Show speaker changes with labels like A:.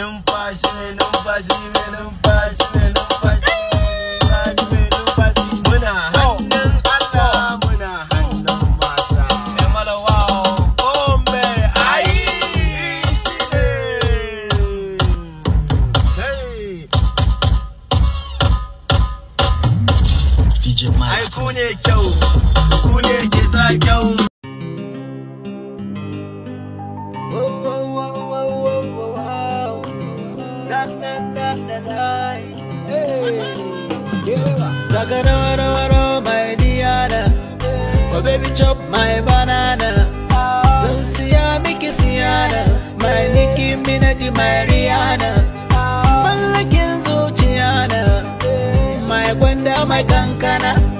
A: numfashi mai numfashi mai numfashi mai numfashi
B: Ai ku ne kyau, ku ne ke sa kyau. Daga rawa rawa rawa my diana Oh baby chop my banana Don siya miki siyana My Nicki Minaj my Rihanna Mallakin zuciya na My gwanda my kankana